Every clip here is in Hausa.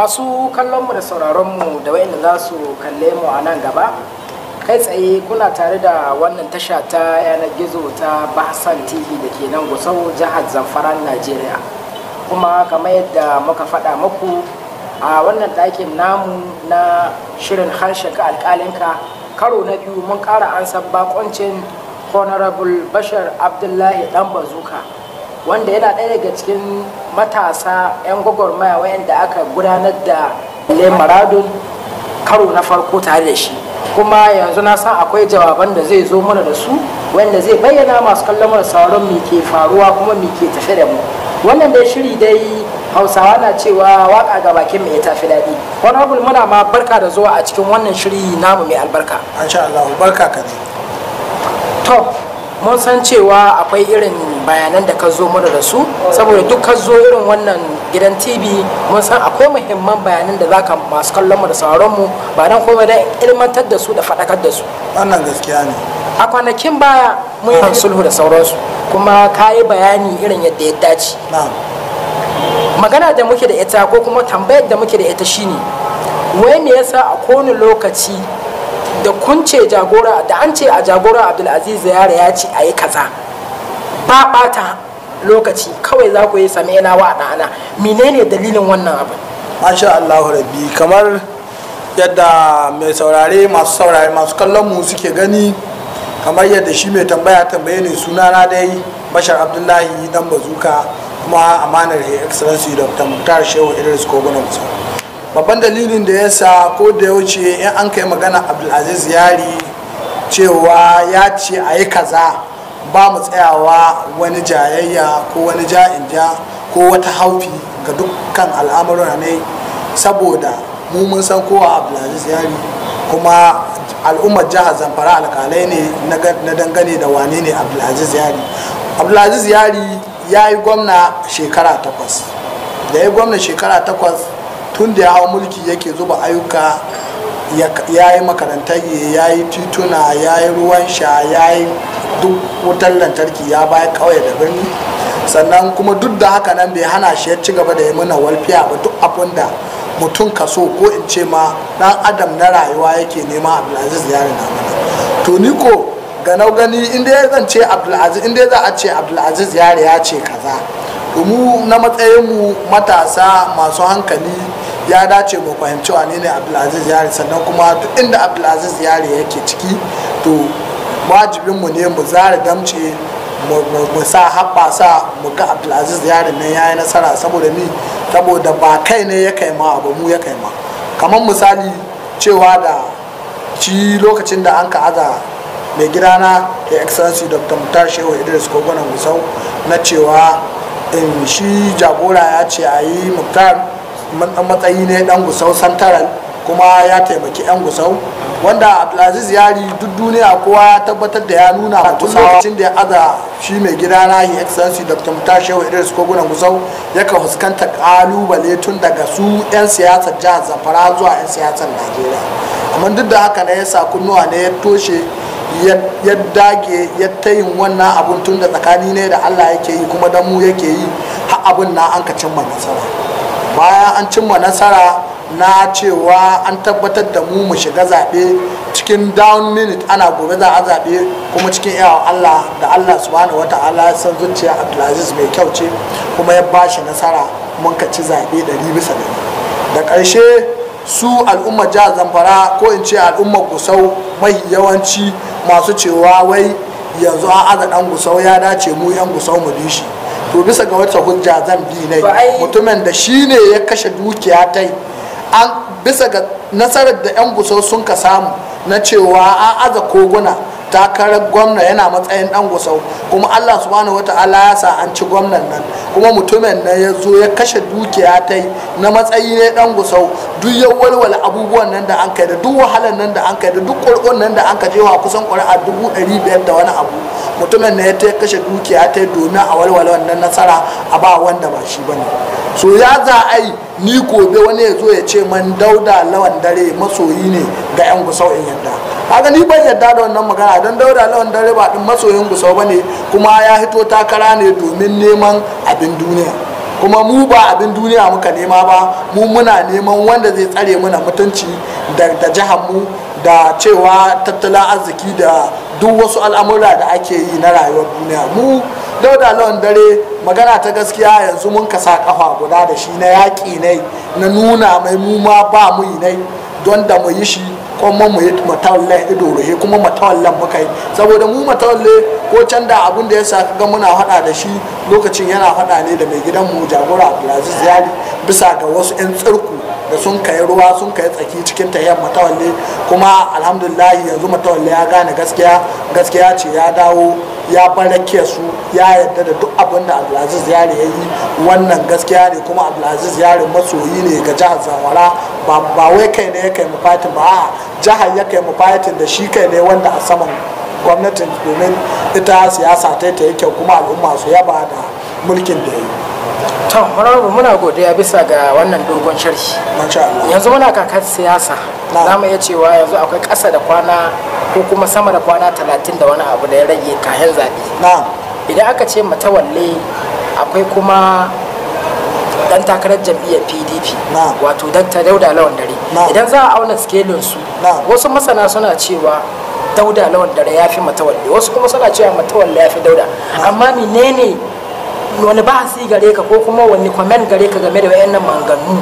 masu kallonmu da sauraronmu da wa'inda za su kalle mu a nan gaba kai tsaye kuna tare da wannan tasha ta yanar gizo ta bahasan tv da ke nan gusau jihar zamfara najeriya kuma kamar yadda muka faɗa muku a wannan ɗakin namu na shirin ka alƙalinka karo na biyu mun ƙara ansa bakoncin honorable bashar abdullahi dan bazuka wanda yana ɗaya daga cikin matasa 'yan gwagwarmaya wayanda aka gudanar da le maradun karo na farko tare da shi kuma yanzu na san akwai jawaban da zai zo mana da su wanda zai bayyana masu kallon mana sauran ke faruwa kuma mu ke tafe da mu wannan dai shiri dai hausawa na cewa waka ga bakin mai tafi daɗi wani muna ma barka da zuwa a cikin wannan shiri namu mai albarka insha Allah barka ka ne to mun san cewa akwai irin bayanan da ka zo mana da su saboda duk ka zo irin wannan gidan tv mun san akwai muhimman bayanan da zaka masu kallon mu da sauran mu ba dan komai dan ilmantar da su da faɗakar da su wannan gaskiya ne a kwanakin baya mun yi sulhu da sauransu kuma ka yi bayani irin yadda ya dace magana da muke da ita ko kuma tambayar da muke da ita shine wai me yasa a kowane lokaci da kun ce jagora da an ce a jagora abdulaziz zayara ya ce a yi kaza ba ɓata lokaci kawai za ku yi same yana wa ɗana menene dalilin wannan abin masha Allah rabbi kamar yadda mai saurare masu saurare masu kallon mu suke gani kamar yadda shi mai tambaya tambaye ne na dai bashar abdullahi dan bazuka kuma amanar ya excellency dr muktar shehu idris kogunan musa babban dalilin da ya sa ko da ya wuce in an kai magana abdulaziz yari cewa ya ce a yi kaza ba mu tsayawa wani jayayya ko wani ja'in ja ko wata haufi ga dukkan al'amuran ne saboda mu mun san kowa abdulaziz yari kuma al'ummar jihar zamfara alkalai ne na dangane da wane ne abdulaziz yari abdulaziz yari ya yi gwamna shekara takwas da ya gwamna shekara takwas tun da ya hau mulki yake zuba ayyuka ya yi makarantar ya yi tituna ya yi ruwan sha ya yi duk wutar lantarki ya baya kawai da birni sannan kuma duk da haka nan bai hana shi ya ci gaba da yi mana walfiya ba duk abin da mutum kaso ko in ce ma dan adam na rayuwa yake nema abdulaziz ya rina mana to ni ko ganau gani inda zan ce abdulaziz inda za a ce abdulaziz ya ce kaza domin na matsayin mu matasa masu hankali ya dace mu fahimci wane ne abdulaziz yari sannan kuma duk inda abdulaziz yari yake ciki to wajibinmu ne mu zara damce mu sa sa mu ga abdulaziz yarin nan ya yi nasara saboda ni saboda ba kai ne ya kai ma abu mu ya kai ma kamar misali cewa da ci lokacin da an ka aza mai gida na, ya excellency dr mutar shehu idris kogonan gusau na cewa in shi jagora ya ce a yi muktar matsayi ne dan gusau santaral kuma ya taimaki yan gusau wanda abdulaziz yari duk duniya kowa ya tabbatar da ya nuna a tun lokacin da ya aza shi mai gida na yi excellency dr mutar shehu idris kogunan gusau ka fuskanta kalubale tun daga su yan siyasar jihar zamfara zuwa yan siyasar najeriya amma duk da haka na ya sa kunnuwa ne ya toshe ya dage ya ta yin wannan abun tun da tsakani ne da allah yake yi kuma dan mu yake yi har abun na an ka cimma nasara bayan an cimma nasara na cewa an tabbatar da mu mu shiga zaɓe cikin down minute ana gobe za a zaɓe kuma cikin yawa Allah da Allah subhanahu wa ta'ala san zuciya Abdulaziz mai kyau ce kuma ya ba shi nasara mun ka ci zaɓe ɗari bisa da ƙarshe su al'ummar jihar Zamfara ko in ce al'ummar Gusau mai yawanci masu cewa wai yanzu an aza ɗan Gusau ya dace mu 'yan Gusau mu bi shi to bisa ga wata hujja zan bi ne mutumin da shi ne ya kashe dukiya ta an bisa ga nasarar da 'yan guso sun ka samu na cewa an aza koguna takarar gwamna yana matsayin dan gusau kuma allah subhanahu wa ta'ala ya sa an ci gwamnan nan kuma mutumin nan ya zo ya kashe dukiya ta yi na matsayi ne dan gusau duk ya walwala abubuwan nan da an kai da duk wahalar nan da an kai da duk ƙwarƙon nan da an ka jewa kusan ƙuri'a dubu ɗari biyar da wani abu mutumin nan ya ta kashe dukiya ta yi domin a walwala wannan nasara a ba wanda ba shi ba ne za a ni gobe wani ya zo ya ce man dauda lawan dare masoyi ne ga yan gusau in yadda haka ni ban yadda da wannan magana don dauda lawan dare ba din masoyin gusau ba ne kuma ya hito takara ne domin neman abin duniya kuma mu ba abin duniya muka nema ba mu muna neman wanda zai tsare mana mutunci da jihar mu da cewa tattalin arziki da duk wasu al'amura da ake yi na rayuwar duniya mu dauda lawan dare magana ta gaskiya yanzu mun kasa kafa guda da shi na yaƙi ne na nuna mai mu ma ba mu ne don da mu yi shi kuma mu yi matawalle ido ruhe kuma matawallan muka yi saboda mu matawalle ko can da abin da ya sa ga muna hada da shi lokacin yana hada ne da mai gidan mu jagora abdulaziz yali bisa ga wasu 'yan tsirku da sun kai ruwa sun kai tsaki cikin ta walle kuma alhamdulillah yanzu matawalle ya gane gaskiya gaskiya ce ya dawo ya barake su ya yadda da duk abin da abdulaziz yare ya yi wannan gaskiya ne kuma abdulaziz yare masoyi ne ga jihar zamara ba wai kai ne ya kai mafatin ba a jihar ya kai da shi kai ne wanda a saman gwamnatin domin ita siyasa ta yi kyau kuma al'umma su yaba da mulkin da ya yi to honorable muna godiya bisa ga wannan dogon sharhi yanzu muna kakar siyasa za mu iya cewa yanzu akwai ƙasa da kwana ko kuma sama da kwana talatin da wani abu da ya rage kayan zaɓe idan aka ce matawalle akwai kuma dan takarar jam'iyyar pdp wato dakta dauda lawan dare idan za a auna skelin su wasu masana suna cewa dauda lawan dare ya fi matawalle wasu kuma suna cewa matawalle ya fi dauda amma menene wani bahasi gare ka ko kuma wani comment gare ka game da wayannan manganu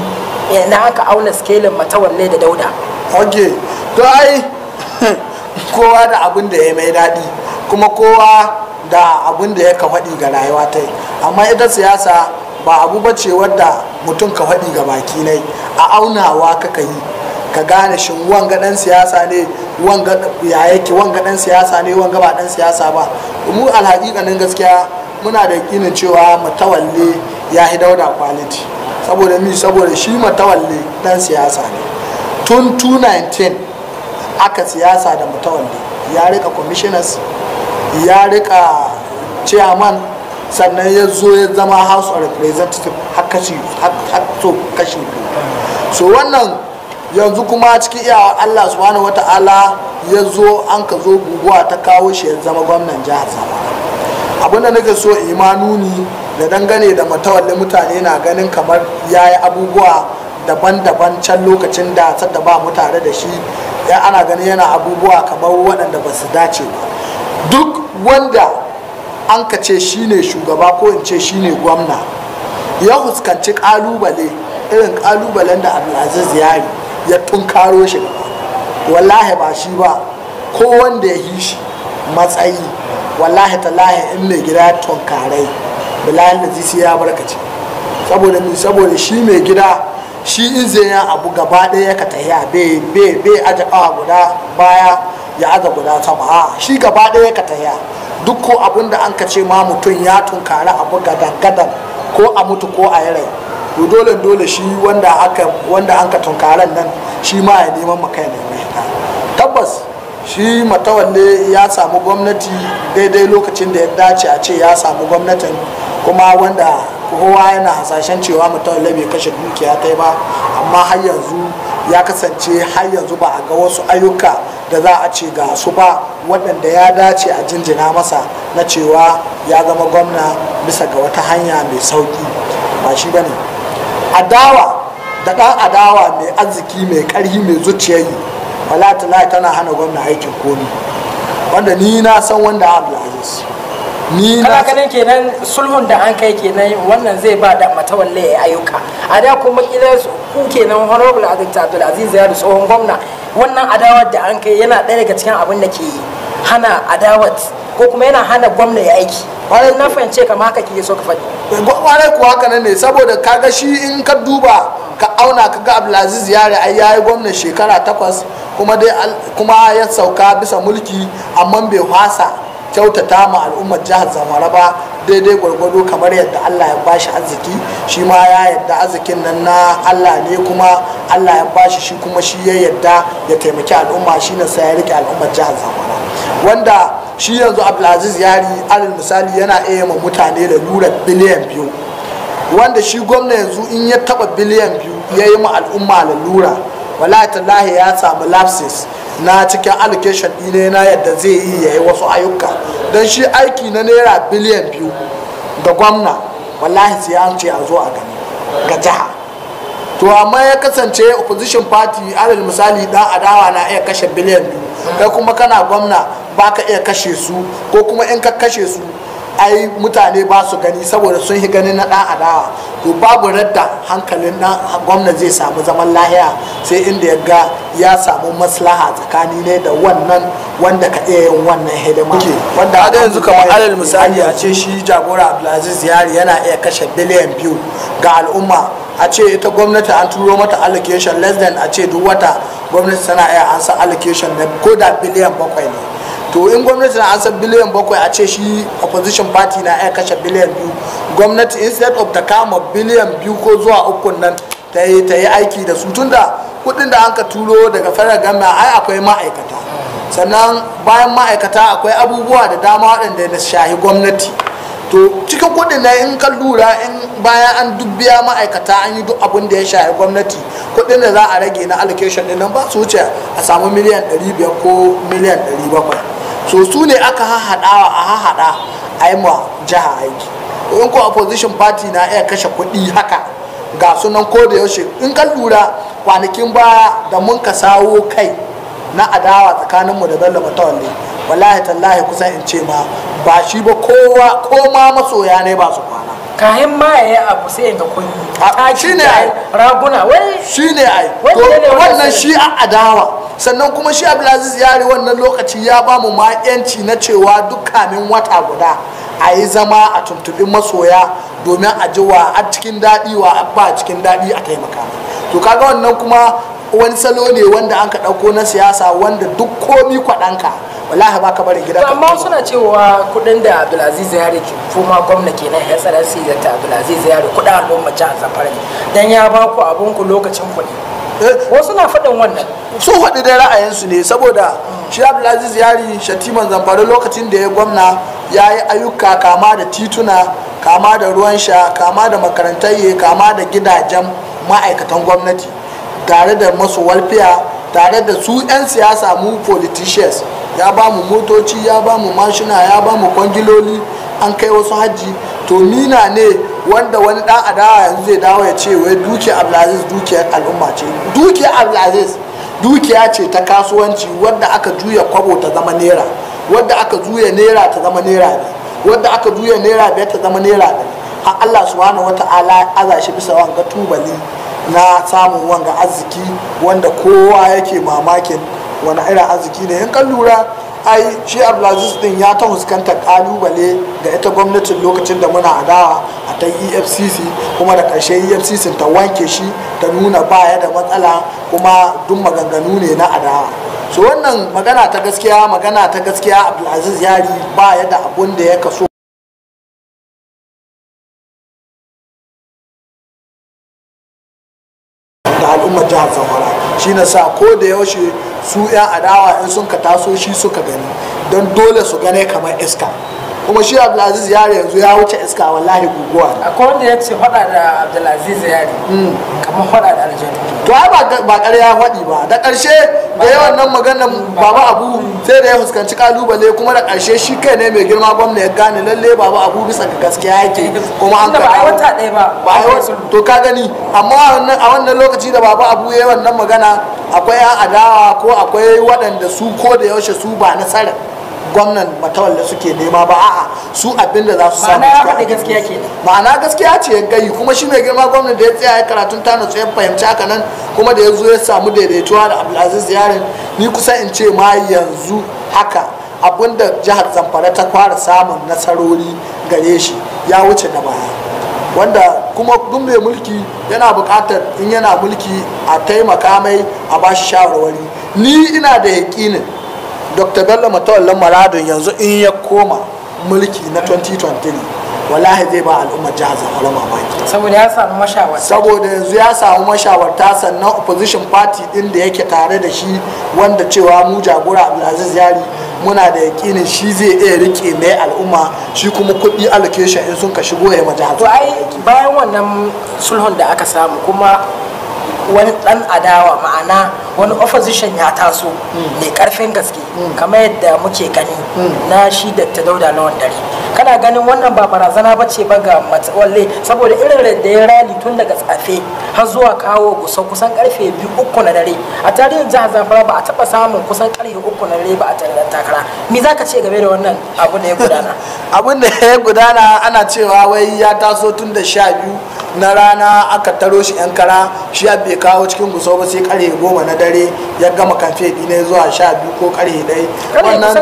yana eh, aka auna skelin matawalle da dauda ok to ai kowa da abin da ya mai daɗi kuma kowa da abin da ya ka faɗi ga rayuwa ta amma ita siyasa ba abu ba ce wadda mutum ka faɗi ga baki nai a aunawa ka yi ka gane shin wanga dan siyasa ne wanga ya yake wanga ɗan siyasa ne wanga ba dan siyasa ba mu alhaƙiƙanin gaskiya muna da yakinin cewa matawalle ya hi dauda quality saboda mi saboda shi matawalle dan siyasa ne tun 2019 aka siyasa da matawalle ya rika commissioners ya rika chairman sannan ya zo ya zama house of representative har so kashi so wannan yanzu kuma cikin iya allah subhanahu wata'ala ya zo an ka zo guguwa ta kawo shi ya zama gwamnan jihar zamfara da nake so nuni da dangane da matawalli mutane na ganin kamar ya yi abubuwa daban-daban can lokacin da sadda ba mu tare da shi ya ana ganin yana abubuwa kamar waɗanda ba su dace ba duk wanda an ka ce shi ne shugaba ko in ce shi ne gwamna ya fuskanci ƙalubale irin ƙalubalen da abdulaziz ya yi ya tunkaro shi wallahi ba shi ba ko wanda ya yi shi matsayi wallahi tallahi in mai gida tonkarai bilahin da zisi ya barkace saboda saboda shi mai gida shi in zai abu gaba ɗaya ka tahiya bai bai bai aja kawa guda baya ya aza guda sama a shi gaba ɗaya ka tahiya duk ko abin da an ka ce ma mutum ya tunkari abu gadan ko a mutu ko a yi rai to dole dole shi wanda aka wanda an ka tunkaran nan shi ma ya neman maka ya shi matawalle ya samu gwamnati daidai lokacin da ya dace a ce ya samu gwamnatin kuma wanda kowa yana hasashen cewa matawalle bai kashe dukiya ta ba amma har yanzu ya kasance har yanzu ba a ga wasu ayyuka da za a ce ga su ba waɗanda ya dace a jinjina masa na cewa ya zama gwamna bisa ga wata hanya mai sauki ba shi ba ne adawa da ɗan adawa mai arziki mai ƙarfi mai zuciyayi falatula tana hana gwamna aikin komi wanda ni na san wanda abdulaziz ni kana ganin kenan sulhun da an kai kenan wannan zai ba da matawalle ya ayyuka a da kuma kila ku kenan honorable aziz abdulaziz ya tsohon gwamna wannan adawar da an kai yana ɗaya daga cikin abin da ke hana adawat ko kuma yana hana gwamna ya aiki wani na fahimce kama haka ke so ka faɗi gwamna kuwa haka nan ne saboda kaga shi in ka duba ka auna ka ga abdulaziz ya ai yi gwamna shekara takwas kuma dai kuma ya sauka bisa mulki amma bai hasa kyautata ma al'ummar jihar zamfara ba daidai gwargwado kamar yadda allah ya bashi arziki shi ma ya yadda arzikin nan na allah ne kuma allah ya bashi shi kuma shi ya yadda ya taimaki al'umma shi na sai ya rike al'ummar jihar zamfara wanda shi yanzu abdulaziz yari alal misali yana iya ma mutane da lura biliyan biyu wanda shi gwamna yanzu in ya taba biliyan biyu ya yi ma al'umma lura. wallahi ya samu lapses na cikin allocation ɗine na yadda zai yi ya yi wasu ayyuka don shi aiki na naira biliyan biyu ga gwamna wallahi sai a zo a gani ga jiha to amma ya kasance opposition party alal misali dan adawa na iya kashe biliyan biyu kai kuma kana gwamna baka iya kashe su ko kuma in ka kashe su ai mutane ba su gani saboda sun yi ganin na ɗan adawa to babu radda hankalin na gwamna zai samu zaman lahiya sai inda ya ga ya samu maslaha tsakani ne da wannan wanda ka iya yin wannan hidima wanda haka yanzu kamar alal misali a ce shi jagora abdulaziz yari yana iya kashe biliyan biyu ga al'umma a ce ita gwamnati an turo mata allocation less than a ce duk wata gwamnati tana iya an san allocation na ko da biliyan bakwai ne to in gwamnati na an san biliyan bakwai a ce shi opposition party na iya kashe biliyan biyu gwamnati instead of ta kama biliyan biyu ko zuwa ukun nan ta yi aiki da su tunda kudin da an ka turo daga federal government ai akwai ma'aikata sannan bayan ma'aikata akwai abubuwa da dama waɗanda na shahi gwamnati to cikin kudin na in ka lura in bayan an dubbiya ma'aikata an yi duk abin da ya shahi gwamnati kudin da za a rage na allocation din nan ba su wuce a samu miliyan 500 ko miliyan 700 so su ne aka hahaɗawa a hahada a yi ma jiha aiki in ko opposition party na iya kashe kuɗi haka ga sunan ko da yaushe in kan lura kwanakin baya da mun ka sawo kai na adawa tsakaninmu da bello matawalle wallahi tallahi kusan in ce ma ba shi ba kowa ko ma masoya ne ba su kwana kayan ma ya yi abu sai ga kunyi shi ne ai raguna wai shi ne ai wannan shi a adawa sannan kuma shi abdulaziz yari wannan lokaci ya ba mu ma'yanci na cewa duk kamin wata guda a yi zama a tuntubin masoya domin a ji wa a cikin daɗi wa ba a cikin daɗi a taimaka to kaga wannan kuma wani salo ne wanda an ka ɗauko na siyasa wanda duk komi kwaɗanka wallahi ba ka bari gida amma suna cewa kuɗin da abdulaziz yari ke kuma gwamna kenan ya tsara sai da ta ya yari kuɗin al'umma jihar zamfara dan ya ba ku abun ku lokacin kuɗi eh. wasu na faɗin wannan su haɗu da ra'ayinsu ne saboda shi abdulaziz yari shatiman zamfara lokacin da ya gwamna ya yi ayyuka kama da tituna kama da ruwan sha kama da makarantaye kama da gidajen ma'aikatan gwamnati tare da masu walfiya tare da su 'yan siyasa mu politicians ya ba mu motoci ya ba mu mashina ya ba mu kwangiloli an kai wasu hajji to nina ne wanda wani dan adawa yanzu zai dawo ya ce wai dukiyar abdulaziz dukiyar al'umma ce dukiyar abdulaziz dukiya ce ta kasuwanci wadda aka juya kwabo ta zama naira wadda aka juya naira ta zama naira ne wadda aka juya naira biyar ta zama naira ne har Allah subhanahu wata'ala aza shi bisa wanga tubali na samun wanga arziki wanda kowa yake mamakin wani irin arziki ne in kan lura ai shi abdulaziz din ya ta huskanta kalubale ga ita gwamnatin lokacin da muna adawa a ta efcc kuma da karshe efcc ta wanke shi ta nuna baya da matsala kuma duk maganganu ne na adawa so wannan magana ta gaskiya magana ta gaskiya abdulaziz yari baya da abun da ya kaso da al'ummar jihar zamfara shi na sa ko da yaushe su ya adawa in sun ka taso shi suka gani don dole su gane kamar iska kuma shi abdulaziz yari yanzu ya wuce iska wallahi guguwa akwai wanda ya ce hada da abdulaziz yari mm. kamar hada da aljanu to ai ba ya faɗi ba da ƙarshe da yawan nan maganan baba abu sai da ya fuskanci kalubale kuma da ƙarshe shi kai ne mai girma ne ya gane lalle baba abu bisa ga gaskiya yake kuma an ka ba wata ɗaya ba to ka gani amma a wannan lokaci da baba abu ya yi wannan magana akwai adawa ko akwai waɗanda su ko da yaushe su ba nasarar gwamnan matawalla suke nema ba a'a su abin da za su samu ma'ana ya gaskiya ke ma'ana gaskiya ce ya gayi kuma shi mai girma gwamnan da ya tsaya ya karatun ta nutsu ya fahimci haka nan kuma da ya zo ya samu daidaituwa da abdulaziz yarin ni kusa in ce ma yanzu haka abinda jihar zamfara ta fara samun nasarori gare shi ya wuce da baya wanda kuma duk mai mulki yana buƙatar in yana mulki a taimaka mai a ba shi shawarwari ni ina da yaƙinin dr bello matawallan maradon yanzu in ya koma mulki na 2023 wallahi zai ba al'ummar jihar zamfara mamaki saboda ya samu mashawarta saboda yanzu ya samu mashawarta sannan opposition party din da yake tare da shi wanda cewa mu jagora abdulaziz yari muna da yakinin shi zai iya rike mai al'umma shi kuma kuɗi allocation in sun ka shigo ya majalisa to ai bayan wannan sulhun da aka samu kuma wani dan adawa ma'ana wani opposition ya taso hmm. mai karfin gaske hmm. kamar yadda muke gani hmm. na shi da ta dauda na kana ganin wannan ba barazana ba ce ba ga matsawalle saboda irin da ya rali tun daga tsafe har zuwa kawo gusa kusan karfe biyu uku na dare a tarihin jihar zamfara ba a taba samun kusan karfe uku na dare ba a tarihin takara me za ka ce game da wannan abu da ya gudana abun da ya gudana ana cewa wai ya taso tun da sha biyu na rana aka taro shi yan kara shi ya bai kawo cikin guso ba sai karhe goma na dare ya gama kamfe ne zuwa sha biyu ko karhe ɗaya wannan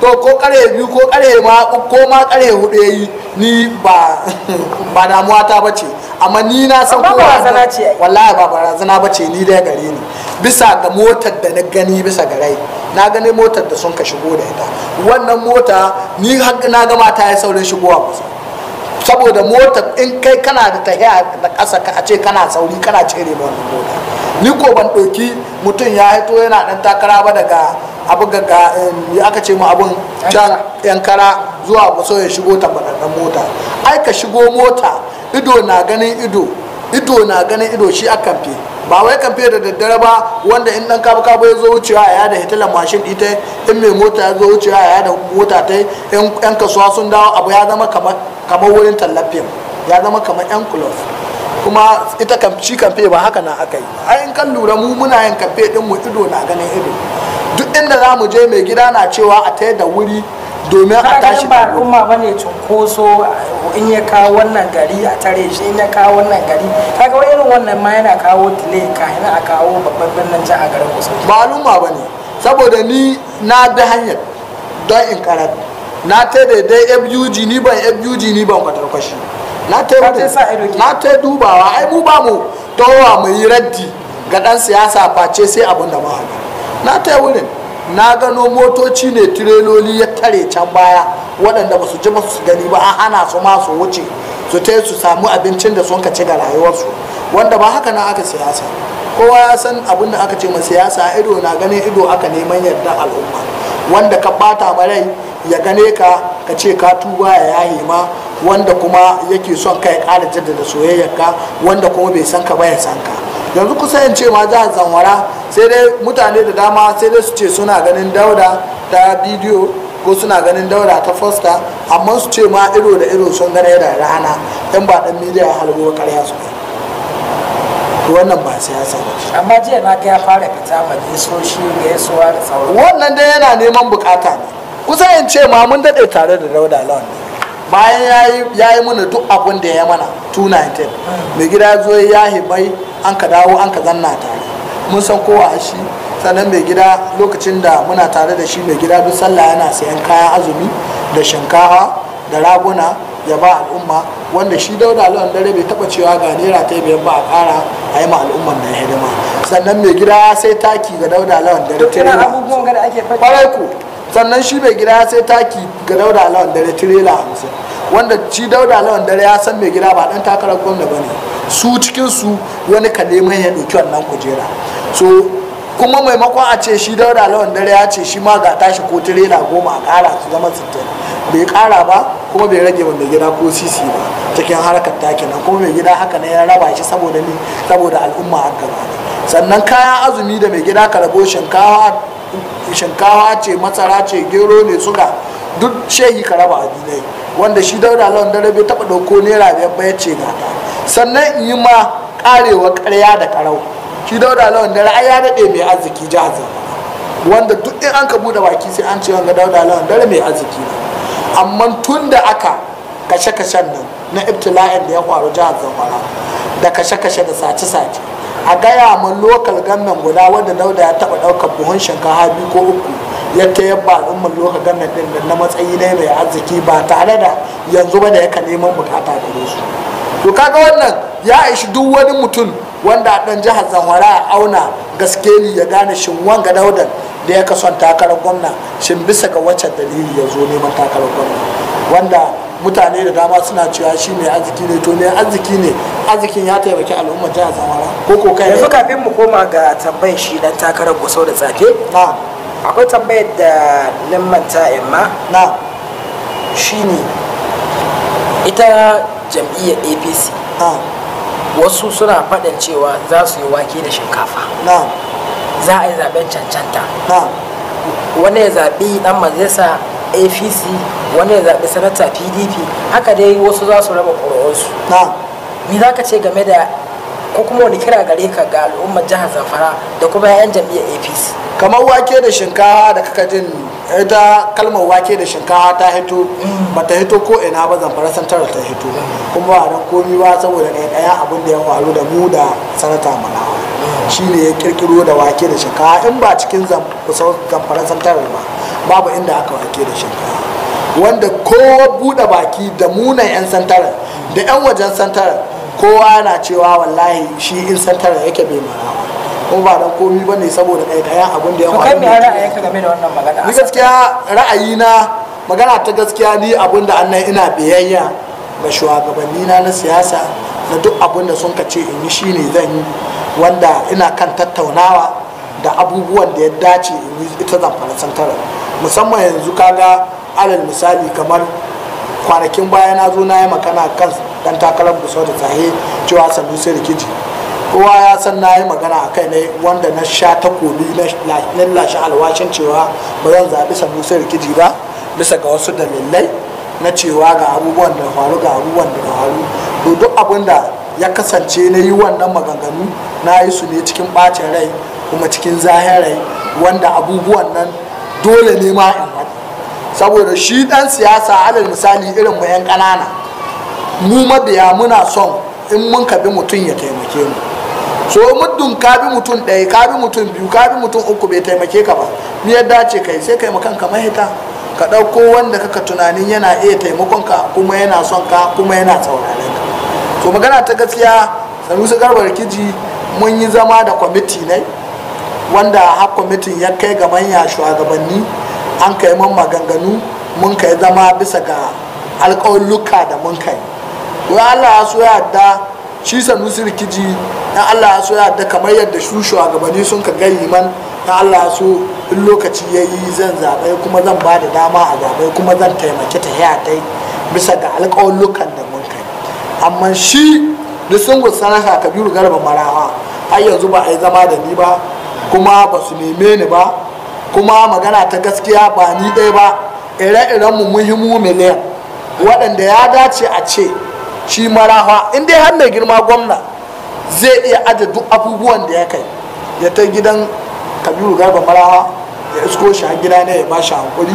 to ko karhe biyu ko karhe ma ko ma karhe hudu yayi ni ba ba damuwa ta bace amma ni na san ko barazana ce wallahi ba barazana bace ni dai gare ni bisa ga motar da na gani bisa ga rai na gani motar da sun ka shigo da ita wannan mota ni har na ga mata ya saurin shigowa kusa saboda mota in kai kana da tahiya da ƙasa ka ce kana sauri kana cere ma wannan mota ni ko ban ɗauki mutum ya haito yana ɗan takara ba daga abu ga ya aka ce mu abun can kara zuwa so ya shigo tabbatar mota ai ka shigo mota ido na ganin ido ido na ganin ido shi a fi ba wai kamfe da daddare ba wanda in dan kabu kabu ya zo wucewa a yada hitilan mashin ita in mai mota ya zo wucewa a yada mota ta yan kasuwa sun dawo abu ya zama kamar wurin tallafin ya zama kamar yan kulof kuma ita shi kamfe ba haka na aka yi ai in kan lura mu muna yin kamfe din mu ido na ganin ido duk inda za mu je mai gida na cewa a ta da wuri domin a tashi ba al'umma ba ne cunkoso in ya kawo wannan gari a tare shi in ya kawo wannan gari kaga irin wannan ma yana kawo delay yana a kawo babban birnin jan a garin kusa ba al'umma ba ne saboda ni na bi hanyar don in karar na ta daidai fug ni ban fug ni ban kwatarkwashi na ta dubawa ai mu ba mu towa mu yi raddi ga dan siyasa face sai abin da ma na ta wurin na gano motoci ne tireloli ya tare can baya waɗanda ba su ji masu gani ba a hana su ma su wuce su ta su samu abincin da sun ci ga rayuwarsu wanda ba haka na aka siyasa kowa ya san abin da aka ce ma siyasa ido na ganin ido aka neman yarda al'umma wanda ka bata barai rai ya gane ka ka ce ka tuba ya yahe ma wanda kuma yake son ka ya ƙara jaddada ka wanda kuma bai san ka ba ya san ka yanzu yin ce ma jihar zamwara sai dai mutane da dama sai dai su ce suna ganin dauda ta bidiyo ko suna ganin dauda ta fosta amma su ce ma iro da iro sun gane da rana yan ba dan miliyan halgo karya su kai wannan ba siyasa ba amma jiya na ta ya fara fita so shi ga yasuwa da sauran wannan dai yana neman bukata ne kusa in ce ma mun daɗe tare da dauda lawan ne bayan ya yi mana duk abin da ya mana 219 mai gida zo ya hibai an ka dawo an ka zanna tare mun san kowa shi sannan mai gida lokacin da muna tare da shi mai gida duk sallah yana sayan kayan azumi da shinkawa da raguna ya ba al'umma wanda shi dauda alwan dare bai taba cewa ga naira ta biyan ba a kara a yi ma al'umman da hidima sannan mai gida sai taki ga dauda alwan dare ta abubuwan da ake sannan shi mai gida ya sai taki ga dauda alawan dare tirela hamsin wanda shi dauda alawan dare ya san mai gida ba dan takarar gwamna ba ne su cikin su wani mai ya ɗauki wannan kujera so kuma maimakon a ce shi dauda alawan dare ya ce shi ma ga tashi ko tirela goma a kara su zama sittin bai kara ba kuma bai rage wanda gida ko sisi ba cikin harkar takin nan kuma mai gida haka ne ya raba shi saboda ni saboda al'umma a gaba sannan kayan azumi da mai gida ka rabo shinkawa shinkawa ce matsara ce gero ne suga duk shehi ka raba addinai wanda shi da lawan dare rabe taba dauko naira biyar ba ya ce ta sannan in yi ma karewa karya da karau shi da lawan da ai ya daɗe mai arziki jihar wanda duk in an ka bude baki sai an ce wanga dauda lawan dare mai arziki ne amma tun da aka kashe-kashen nan na ibtila'in da ya faru jihar zamfara da kashe-kashe da sace-sace a gaya ma lokal gannan guda wanda dauda ya taba daukar buhun shinkafa biyu ko uku ya ta yabba mun lokal gannan din da na matsayi ne mai arziki ba tare da yanzu ba da yaka neman bukata da su to kaga wannan ya ishi duk wani mutum wanda a dan jihar zamfara a auna gaske ne ya gane shin wanga daudan da ya son takarar gwamna shin bisa ga wacce dalili ya zo neman takarar gwamna wanda mutane da dama suna cewa shi mai arziki ne to mai arziki ne arzikin ya taimaki al'ummar jihar zamara ko ko kai yanzu kafin mu koma ga tambayar shi dan takarar gusau da tsafe na akwai tambayar da nan manta imma na ne ita jam'iyyar apc wasu suna faɗin cewa za su yi wake da shinkafa za a yi zaben cancanta wani ya zaɓi ɗan majalisa apc wani ya zaɓi sanata pdp haka dai wasu za su raba ƙuri'unsu ni za ka ce game da ko kuma wani kira gare ka ga al'ummar jihar zamfara da kuma 'yan jam'iyyar apc kamar wake da shinkawa da kaka jin ita kalmar wake da shinkawa ta hito mm. ba ta hito ko ina ba zamfara santar ta hito mm. kuma ba nan komi ba saboda ne ɗaya abin da ya faru da mu da sanata malawa mm. shine ya kirkiro da wake da shinkawa in ba cikin zamfara santar ba babu inda aka wake da shinkafa wanda kowa buɗe baki da munan 'yan santarar da 'yan wajen santarar kowa na cewa wallahi shi in santarar yake bai mara kuma ba dan komi ba ne saboda ƙaiƙayen abin da ya faru ne ra'ayinka game da wannan magana ni gaskiya ra'ayi magana ta gaskiya ni abin da annan ina biyayya ga shugabanni na na siyasa na duk abin da sun ka ce in yi shine zan yi wanda ina kan tattaunawa da abubuwan da ya dace ita zamfara santarar musamman yanzu kaga alal misali kamar kwanakin baya na zo na yi magana kan dan takarar busau da tsaye cewa sanusi rikici kowa ya san na yi magana a kai ne wanda na sha takobi na lashe alwashin cewa ba zan zaɓi sanusi rikici ba bisa ga wasu dalilai na cewa ga abubuwan da faru ga abubuwan da faru to duk abin da ya kasance na yi wannan maganganu na yi su ne cikin ɓacin rai kuma cikin zahirai wanda abubuwan nan dole ne ma in saboda shi dan siyasa alal misali irin bayan kanana mu mabiya muna son in mun bi mutum ya taimake mu so muddun ka bi mutum ɗaya ka bi mutum biyu ka bi mutum uku bai taimake ka ba ni ya dace kai sai kai makan ka mahita ka ɗauko wanda kaka tunanin yana iya taimakon ka kuma yana son ka kuma yana sauraren ka to magana ta gaskiya sanusi garba kiji mun yi zama da kwamiti ne wanda har kwamitin ya kai ga manya shugabanni an kai man maganganu mun kai zama bisa ga luka da mun kai wai allah ya so yadda shi sanusi rikiji na allah ya so yadda kamar yadda shu shugabanni sun ka ga liman na allah ya so in lokaci ya yi zan zaɓe kuma zan ba da dama a zaɓe kuma zan taimaki ta ya dai bisa ga alƙawullukan da mun kai amma shi da sun gusana kabiru garba marawa har yanzu ba a yi zama da ni ba kuma ba su neme ni ba kuma magana ta gaskiya ba ni ɗaya ba ire-iren mu muhimmu miliyan waɗanda ya dace a ce shi marafa in dai har mai girma gwamna zai iya aje duk abubuwan da ya kai ya ta gidan kabiru garba marafa ya isko shi har gida ne ya ba shi hankuri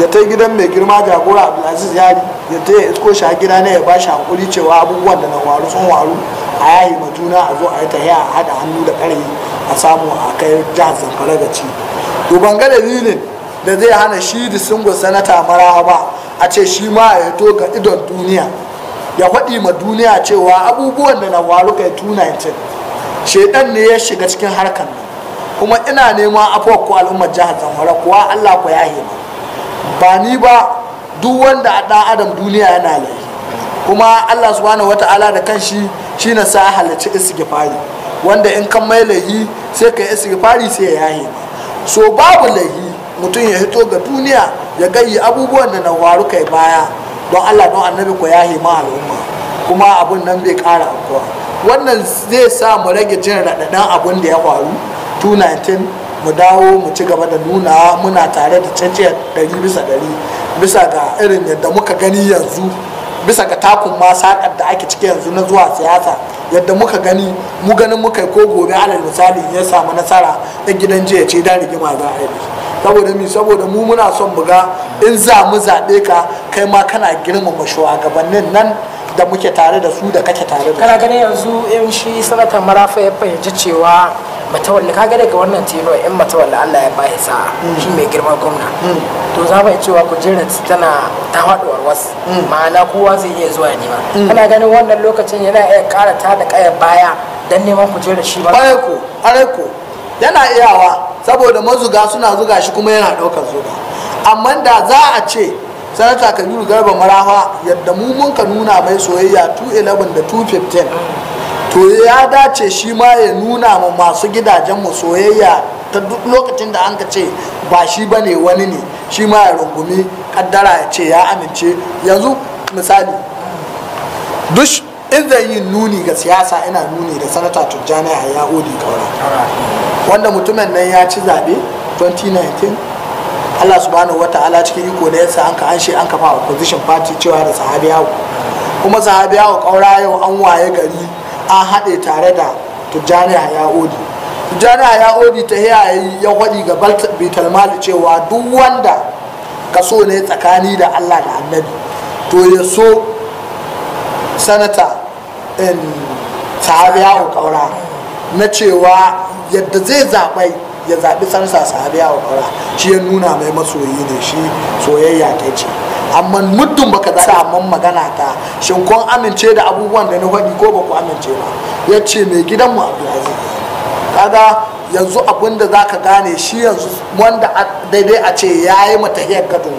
ya ta gidan mai girma jagora abdulaziz yari ya ta ya isko shi har gida ne ya ba shi hankuri cewa abubuwan da na waru sun waru a yayi ma juna a zo a yi ta a haɗa hannu da ƙarfi a samu a kai jihar zamfara da ci to ban ga dalilin da zai hana shi da disingo sanata marawa ba a ce shi ma ya to ga idon duniya ya faɗi ma duniya cewa abubuwan da na waru kai 219 shaidan ne ya shiga cikin harkar nan kuma ina neman afuwar ko al'ummar jihar zamfara kuwa allah ku ya hima ba ni ba duk wanda a ɗan adam duniya yana laifi kuma allah subhanahu wata'ala da kan shi shi na sa halarci istighfari wanda in kan mai lahi sai ka yi fari sai ya yaye so babu lahi mutum ya hito ga duniya ya gayi abubuwan da na faru kai baya don Allah don annabi ko yahe ma al'umma kuma abun nan bai kara afkuwa wannan zai sa mu rage jin raɗaɗin abun da ya faru 2:19 mu dawo mu ci gaba da nuna muna tare da canciyar ɗari bisa ɗari bisa ga irin yadda muka gani yanzu bisa ga takun ma saƙar da ake ciki yanzu na zuwa siyasa yadda muka gani mu ganin muka ko gobe alal misali ya samu nasara na gidan jiya ce da rigima za a yi saboda mi saboda mu muna son buga in za mu zaɓe ka kai ma kana girmama shugabannin nan da muke tare da su da kake tare da kana ganin yanzu in shi sanatan marafa ya fahimci cewa matawalli gane daga wannan tilo in matawalli Allah ya bai sa mm. shi mai girman gwamna mm. to za mu cewa kujerar tana ta faduwar wasu mm. ma'ana kowa zai iya zuwa nema kana ganin wannan lokacin yana iya kara ta da kayan baya dan neman kujerar shi ba bai ko ko yana iyawa saboda mazuga suna zuga shi kuma yana daukar zuga amma da za a ce sanata kabiru garba marafa yadda mu mun ka nuna mai soyayya 211 da 215 to ya dace shi ma ya nuna ma masu gidajen mu soyayya ta duk lokacin da an ka ce ba shi ba ne wani ne shi ma ya rungumi kaddara ya ce ya amince yanzu misali duk in zan yi nuni ga siyasa ina nuni da sanata tujjani a yahudi kaura wanda mutumin nan ya ci zaɓe 2019 Allah subhanahu wata'ala cikin iko da yasa an ka an an kafa opposition party cewa da sahabiyawo kuma sahabiyawo kaura yau an waye gari an haɗe tare da tujjani yaodi. tujjani hayaudi ta yayi ya waɗi ga mal cewa duk wanda kaso ne tsakani da Allah da annabi to ya so sanata in sahabiyawo kaura na cewa yadda zai zaɓai ya zaɓi sansa sahabiya wa aura shi ya nuna mai masoyi ne shi soyayya ta ce amma muddin baka zaɓi amman magana ta shin kun amince da abubuwan da na faɗi ko baku amince ba ya ce mai gidanmu abdulaziz kaga yanzu abin da za ka gane shi yanzu wanda daidai a ce ya yi matahiyar gadon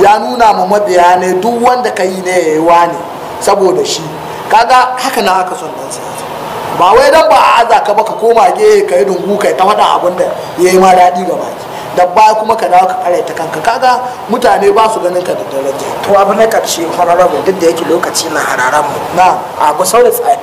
ya nuna ma mabiya ne duk wanda ka yi ne ya yi ne saboda shi kaga haka na haka son dan siyasa ba wai dan ba a aza ka baka koma ge ka yi dungu kai ta faɗa abin da ya yi ma daɗi ga baki da ba kuma ka dawo ka ta kanka kaga mutane ba su ganin ka da daraja to abu na karshe honorable duk da yake lokaci na hararan mu na abu sau da tsafi